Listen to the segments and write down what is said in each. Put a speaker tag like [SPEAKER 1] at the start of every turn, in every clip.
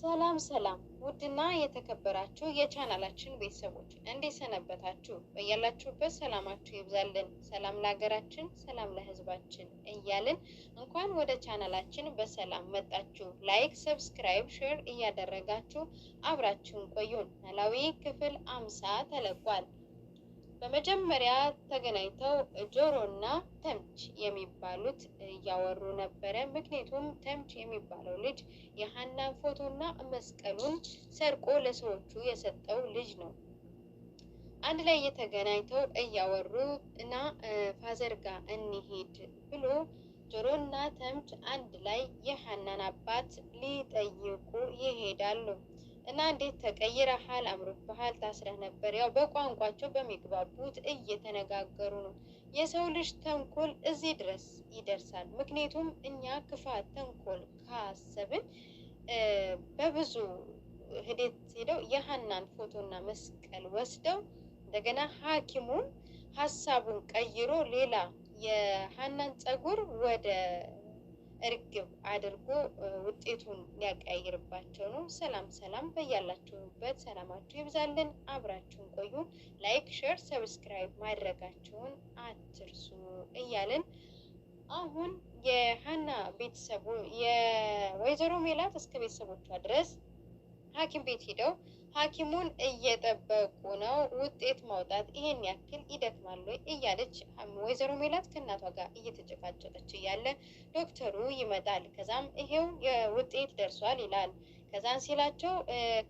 [SPEAKER 1] ሰላም ሰላም ውድና የተከበራችሁ የቻናላችን ቤተሰቦች እንዴት ሰነበታችሁ? በያላችሁበት ሰላማችሁ ይብዛልን። ሰላም ለሀገራችን፣ ሰላም ለሕዝባችን እያልን እንኳን ወደ ቻናላችን በሰላም መጣችሁ። ላይክ፣ ሰብስክራይብ፣ ሼር እያደረጋችሁ አብራችሁን ቆዩን። ኖላዊ ክፍል አምሳ ተለቋል። በመጀመሪያ ተገናኝተው ጆሮ እና ተምች የሚባሉት እያወሩ ነበረ። ምክንያቱም ተምች የሚባለው ልጅ የሀናን ፎቶ እና መስቀሉን ሰርቆ ለሰዎቹ የሰጠው ልጅ ነው። አንድ ላይ የተገናኝተው እያወሩ እና ፋዘር ጋ እንሂድ ብሎ ጆሮና ተምች አንድ ላይ የሀናን አባት ሊጠይቁ ይሄዳሉ። እና እንዴት ተቀይረሃል? አምሮብሃል? ታስረህ ነበር። ያው በቋንቋቸው በሚግባቡት እየተነጋገሩ ነው። የሰው ልጅ ተንኮል እዚህ ድረስ ይደርሳል። ምክንያቱም እኛ ክፋት፣ ተንኮል ካሰብን በብዙ ሂደት ሄደው የሀናን ፎቶና መስቀል ወስደው እንደገና ሐኪሙን ሀሳቡን ቀይሮ ሌላ የሀናን ጸጉር ወደ እርግብ አድርጎ ውጤቱን ሊያቀያይርባቸው ነው። ሰላም ሰላም፣ በያላችሁበት ሰላማችሁ ይብዛልን። አብራችሁን ቆዩ። ላይክ፣ ሼር፣ ሰብስክራይብ ማድረጋችሁን አትርሱ እያልን አሁን የሀና ቤተሰቡ የወይዘሮ ሜላት እስከ ቤተሰቦቿ ድረስ ሐኪም ቤት ሂደው ሐኪሙን እየጠበቁ ነው ውጤት ማውጣት ይሄን ያክል ይደክማሉ እያለች ወይዘሮ ሜላት ከእናቷ ጋር እየተጨቃጨቀች እያለ ዶክተሩ ይመጣል። ከዛም ይሄው ውጤት ደርሷል ይላል። ከዛን ሲላቸው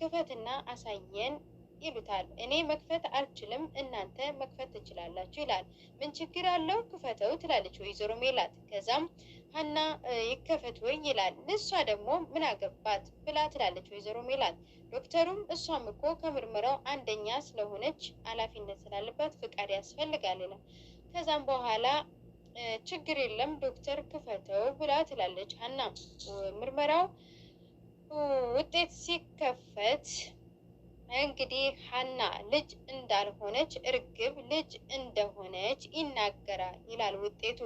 [SPEAKER 1] ክፈትና አሳየን ይሉታል። እኔ መክፈት አልችልም፣ እናንተ መክፈት ትችላላችሁ ይላል። ምን ችግር አለው ክፈተው ትላለች ወይዘሮ ሜላት። ከዛም ሀና ይከፈት ወይ ይላል። እሷ ደግሞ ምን አገባት ብላ ትላለች ወይዘሮ ሜላት። ዶክተሩም እሷም እኮ ከምርመራው አንደኛ ስለሆነች ኃላፊነት ስላለባት ፍቃድ ያስፈልጋል ይላል። ከዛም በኋላ ችግር የለም ዶክተር ክፈተው ብላ ትላለች ሀና ምርመራው ውጤት ሲከፈት እንግዲህ ሀና ልጅ እንዳልሆነች እርግብ ልጅ እንደሆነች ይናገራል ይላል ውጤቱ።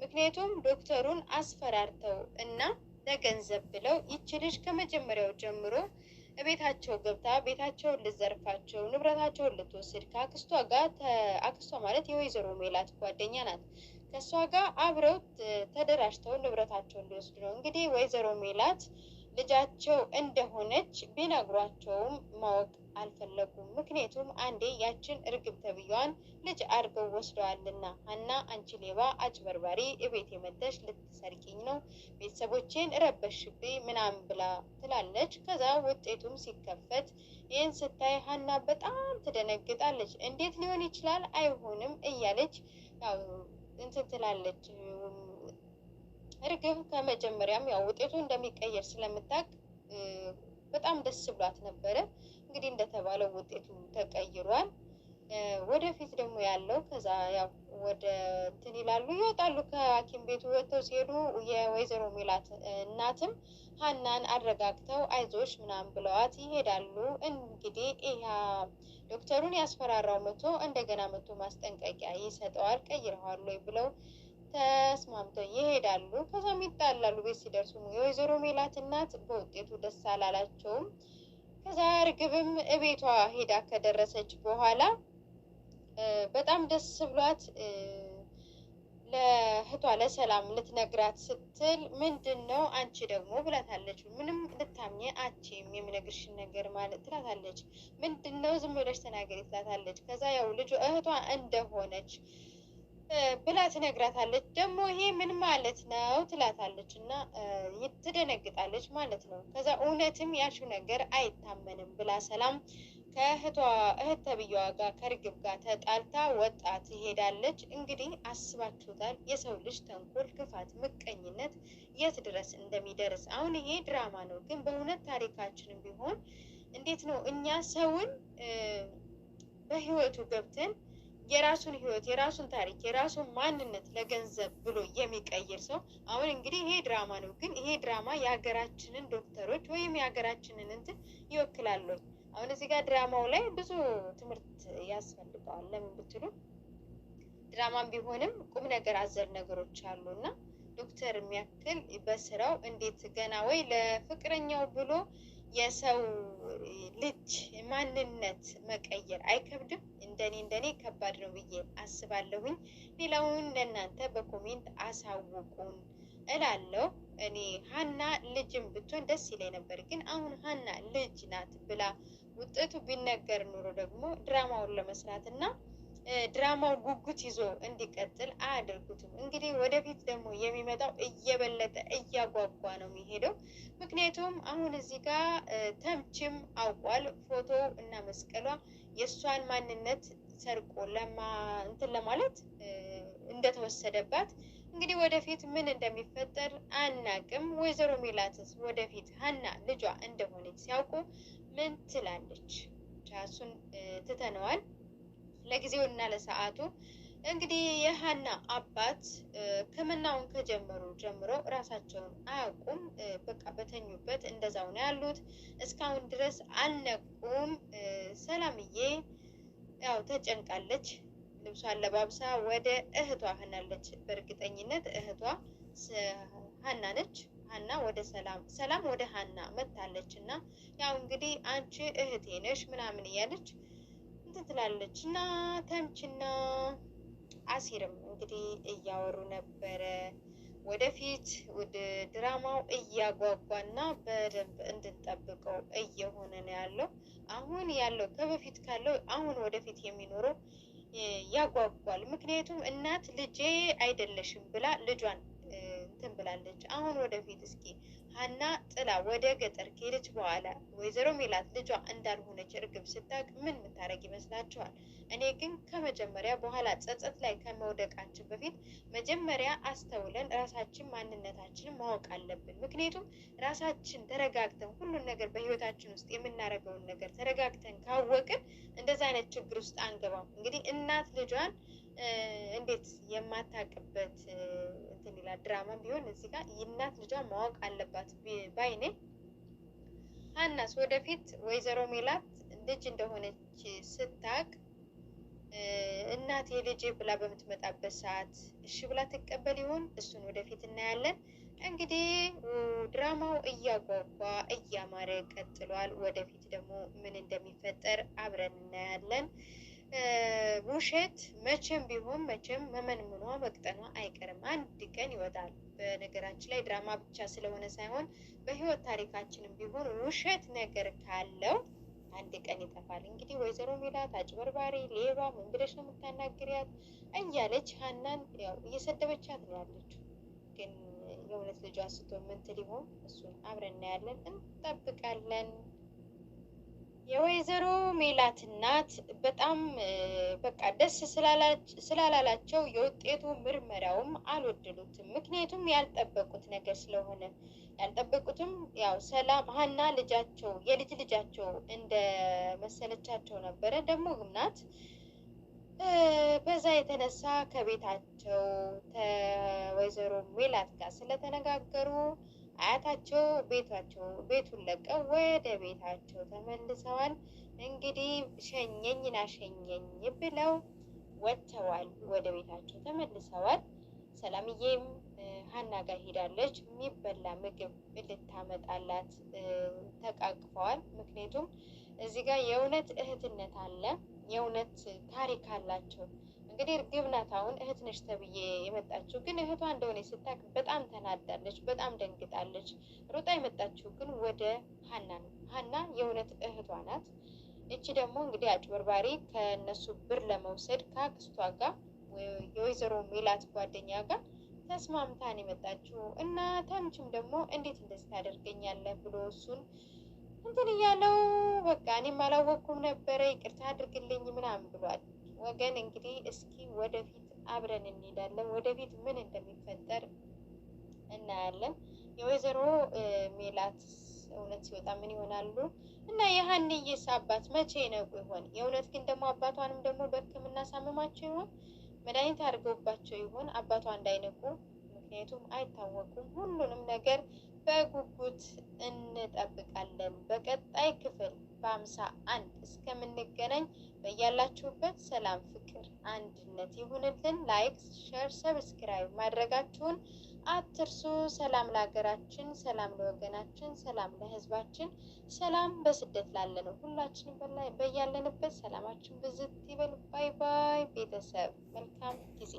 [SPEAKER 1] ምክንያቱም ዶክተሩን አስፈራርተው እና ለገንዘብ ብለው ይቺ ልጅ ከመጀመሪያው ጀምሮ ቤታቸው ገብታ ቤታቸውን ልዘርፋቸው፣ ንብረታቸውን ልትወስድ ከአክስቷ ጋር አክስቷ ማለት የወይዘሮ ሜላት ጓደኛ ናት። ከእሷ ጋር አብረው ተደራጅተው ንብረታቸውን ሊወስዱ ነው እንግዲህ ወይዘሮ ሜላት ልጃቸው እንደሆነች ቢነግሯቸውም ማወቅ አልፈለጉም። ምክንያቱም አንዴ ያችን እርግብ ተብያዋን ልጅ አድርገው ወስደዋልና፣ ሀና አንቺ ሌባ አጭበርባሪ፣ እቤት የመተሽ ልትሰርቂኝ ነው፣ ቤተሰቦቼን ረበሽብኝ ምናምን ብላ ትላለች። ከዛ ውጤቱም ሲከፈት ይህን ስታይ ሀና በጣም ትደነግጣለች። እንዴት ሊሆን ይችላል? አይሆንም እያለች ያው እንትን ትላለች እርግብ ከመጀመሪያም ያው ውጤቱ እንደሚቀየር ስለምታውቅ በጣም ደስ ብሏት ነበረ። እንግዲህ እንደተባለው ውጤቱ ተቀይሯል። ወደፊት ደግሞ ያለው ከዛ ያው ወደ እንትን ይላሉ ይወጣሉ። ከሐኪም ቤቱ ወጥተው ሲሄዱ የወይዘሮ ሚላት እናትም ሀናን አረጋግተው አይዞሽ ምናምን ብለዋት ይሄዳሉ። እንግዲህ ይሄ ዶክተሩን ያስፈራራው መቶ እንደገና መቶ ማስጠንቀቂያ ይሰጠዋል። ቀይረዋል ወይ ብለው ተስማምተው ይሄዳሉ። ከዛም ይጣላሉ። ቤት ሲደርሱ የወይዘሮ ሜላት እናት በውጤቱ ደስ አላላቸውም። ከዛ እርግብም እቤቷ ሄዳ ከደረሰች በኋላ በጣም ደስ ብሏት ለእህቷ ለሰላም ልትነግራት ስትል ምንድን ነው አንቺ ደግሞ ብላታለች። ምንም ልታምኝ አችም የምነግርሽን ነገር ማለት ትላታለች። ምንድን ነው ዝም ብለሽ ተናገሪ ትላታለች። ከዛ ያው ልጁ እህቷ እንደሆነች ብላ ትነግራታለች። ደግሞ ይሄ ምን ማለት ነው ትላታለች እና ትደነግጣለች ማለት ነው። ከዛ እውነትም ያሹ ነገር አይታመንም ብላ ሰላም ከእህቷ እህት ተብዬዋ ጋር ከርግብ ጋር ተጣልታ ወጣ ትሄዳለች። እንግዲህ አስባችሁታል የሰው ልጅ ተንኮል፣ ክፋት፣ ምቀኝነት የት ድረስ እንደሚደርስ። አሁን ይሄ ድራማ ነው፣ ግን በእውነት ታሪካችንም ቢሆን እንዴት ነው እኛ ሰውን በህይወቱ ገብተን የራሱን ህይወት የራሱን ታሪክ የራሱን ማንነት ለገንዘብ ብሎ የሚቀይር ሰው አሁን እንግዲህ ይሄ ድራማ ነው። ግን ይሄ ድራማ የሀገራችንን ዶክተሮች ወይም የሀገራችንን እንትን ይወክላሉ። አሁን እዚህ ጋር ድራማው ላይ ብዙ ትምህርት ያስፈልገዋል። ለምን ብትሉ ድራማም ቢሆንም ቁም ነገር አዘል ነገሮች አሉ እና ዶክተር የሚያክል በስራው እንዴት ገና ወይ ለፍቅረኛው ብሎ የሰው ልጅ ማንነት መቀየር አይከብድም? እንደኔ እንደኔ ከባድ ነው ብዬ አስባለሁኝ። ሌላውን ለእናንተ በኮሜንት አሳውቁን እላለሁ። እኔ ሀና ልጅም ብትሆን ደስ ይለኝ ነበር፣ ግን አሁን ሀና ልጅ ናት ብላ ውጤቱ ቢነገር ኑሮ ደግሞ ድራማውን ለመስራት እና ድራማው ጉጉት ይዞ እንዲቀጥል አያደርጉትም። እንግዲህ ወደፊት ደግሞ የሚመጣው እየበለጠ እያጓጓ ነው የሚሄደው። ምክንያቱም አሁን እዚህ ጋር ተምችም አውቋል ፎቶ እና መስቀሏ የእሷን ማንነት ሰርቆ እንትን ለማለት እንደተወሰደባት እንግዲህ ወደፊት ምን እንደሚፈጠር አናቅም። ወይዘሮ ሜላትስ ወደፊት ሀና ልጇ እንደሆነች ሲያውቁ ምን ትላለች? ቻሱን ትተነዋል። ለጊዜው እና ለሰዓቱ እንግዲህ የሀና አባት ሕክምናውን ከጀመሩ ጀምሮ ራሳቸውን አያውቁም። በቃ በተኙበት እንደዛው ነው ያሉት። እስካሁን ድረስ አልነቁም። ሰላምዬ ያው ተጨንቃለች። ልብሷ ለባብሳ ወደ እህቷ ሀናለች። በእርግጠኝነት እህቷ ሀና ነች። ሀና ወደ ሰላም ሰላም ወደ ሀና መታለች እና ያው እንግዲህ አንቺ እህቴ ነሽ ምናምን እያለች እንትን ትላለች እና ተምችና አሲርም እንግዲህ እያወሩ ነበረ። ወደፊት ወደ ድራማው እያጓጓና በደንብ እንድንጠብቀው እየሆነ ነው ያለው። አሁን ያለው ከበፊት ካለው አሁን ወደፊት የሚኖረው ያጓጓል። ምክንያቱም እናት ልጄ አይደለሽም ብላ ልጇን እንትን ብላለች። አሁን ወደፊት እስኪ ሀና ጥላ ወደ ገጠር ከሄደች በኋላ ወይዘሮ ሜላት ልጇ እንዳልሆነች እርግብ ስታውቅ ምን የምታደርግ ይመስላችኋል? እኔ ግን ከመጀመሪያ በኋላ ጸጸት ላይ ከመውደቃችን በፊት መጀመሪያ አስተውለን ራሳችን ማንነታችንን ማወቅ አለብን። ምክንያቱም ራሳችን ተረጋግተን ሁሉን ነገር በህይወታችን ውስጥ የምናደርገውን ነገር ተረጋግተን ካወቅን እንደዚ አይነት ችግር ውስጥ አንገባም። እንግዲህ እናት ልጇን እንዴት የማታውቅበት እንትን ይላል። ድራማ ቢሆን እዚህ ጋር እናት ልጇ ማወቅ አለባት ባይኔ ሀናስ ወደፊት ወይዘሮ ሜላት ልጅ እንደሆነች ስታቅ እናቴ ልጅ ብላ በምትመጣበት ሰዓት እሺ ብላ ትቀበል ይሆን? እሱን ወደፊት እናያለን። እንግዲህ ድራማው እያጓጓ እያማረ ቀጥሏል። ወደፊት ደግሞ ምን እንደሚፈጠር አብረን እናያለን። ውሸት መቼም ቢሆን መቼም መመንምኗ መቅጠኗ አይቀርም። አንድ ቀን ይወጣል። በነገራችን ላይ ድራማ ብቻ ስለሆነ ሳይሆን በህይወት ታሪካችንም ቢሆን ውሸት ነገር ካለው አንድ ቀን ይጠፋል። እንግዲህ ወይዘሮ ሜላት አጭበርባሪ፣ ሌባ፣ ምን ብለሽ ነው የምታናግሪያት እያለች ሀናን እየሰደበቻት ነው ያለችው። ግን የእውነት ልጇ ስትሆን ምን ትል ይሆን? እሱን አብረን እናያለን፣ እንጠብቃለን። የወይዘሮ ሜላት እናት በጣም በቃ ደስ ስላላላቸው የውጤቱ ምርመራውም አልወደዱትም። ምክንያቱም ያልጠበቁት ነገር ስለሆነ ያልጠበቁትም ያው ሰላም ሀና ልጃቸው የልጅ ልጃቸው እንደ መሰለቻቸው ነበረ። ደግሞ ግምናት በዛ የተነሳ ከቤታቸው ከወይዘሮ ሜላት ጋር ስለተነጋገሩ አያታቸው ቤታቸው ቤቱን ለቀው ወደ ቤታቸው ተመልሰዋል። እንግዲህ ሸኘኝ ና ሸኘኝ ብለው ወጥተዋል። ወደ ቤታቸው ተመልሰዋል። ሰላምዬም ሀና ጋር ሄዳለች። የሚበላ ምግብ ልታመጣላት ተቃቅፈዋል። ምክንያቱም እዚህ ጋር የእውነት እህትነት አለ። የእውነት ታሪክ አላቸው። እንግዲህ እርግብ ናት አሁን እህት ነች ተብዬ የመጣችው። ግን እህቷ እንደሆነ ስታቅ በጣም ተናዳለች፣ በጣም ደንግጣለች። ሩጣ የመጣችው ግን ወደ ሀና ነው። ሀና የእውነት እህቷ ናት። እቺ ደግሞ እንግዲህ አጭበርባሪ ከነሱ ብር ለመውሰድ ከአክስቷ ጋር የወይዘሮ ሜላት ጓደኛ ጋር ተስማምታን የመጣችው እና ተምችም ደግሞ እንዴት እንደዚህ ታደርገኛለህ ብሎ እሱን እንትን እያለው በቃ እኔም አላወቅኩም ነበረ ይቅርታ አድርግልኝ ምናምን ብሏል። ወገን እንግዲህ እስኪ ወደፊት አብረን እንሄዳለን። ወደፊት ምን እንደሚፈጠር እናያለን። የወይዘሮ ሜላት እውነት ሲወጣ ምን ይሆናሉ እና የሀንዬስ አባት መቼ ይነቁ ይሆን? የእውነት ግን ደግሞ አባቷንም ደግሞ በሕክምና ሳምማቸው ይሆን? መድኃኒት አድርገውባቸው ይሆን? አባቷ እንዳይነቁ ምክንያቱም አይታወቁም ሁሉንም ነገር በጉጉት እንጠብቃለን። በቀጣይ ክፍል በአምሳ አንድ እስከምንገናኝ በያላችሁበት ሰላም፣ ፍቅር፣ አንድነት ይሁንልን። ላይክ፣ ሸር፣ ሰብስክራይብ ማድረጋችሁን አትርሱ። ሰላም ለሀገራችን፣ ሰላም ለወገናችን፣ ሰላም ለሕዝባችን፣ ሰላም በስደት ነው። ሁላችንም በያለንበት ሰላማችን ብዝት ይበል። ባይ ባይ ቤተሰብ፣ መልካም ጊዜ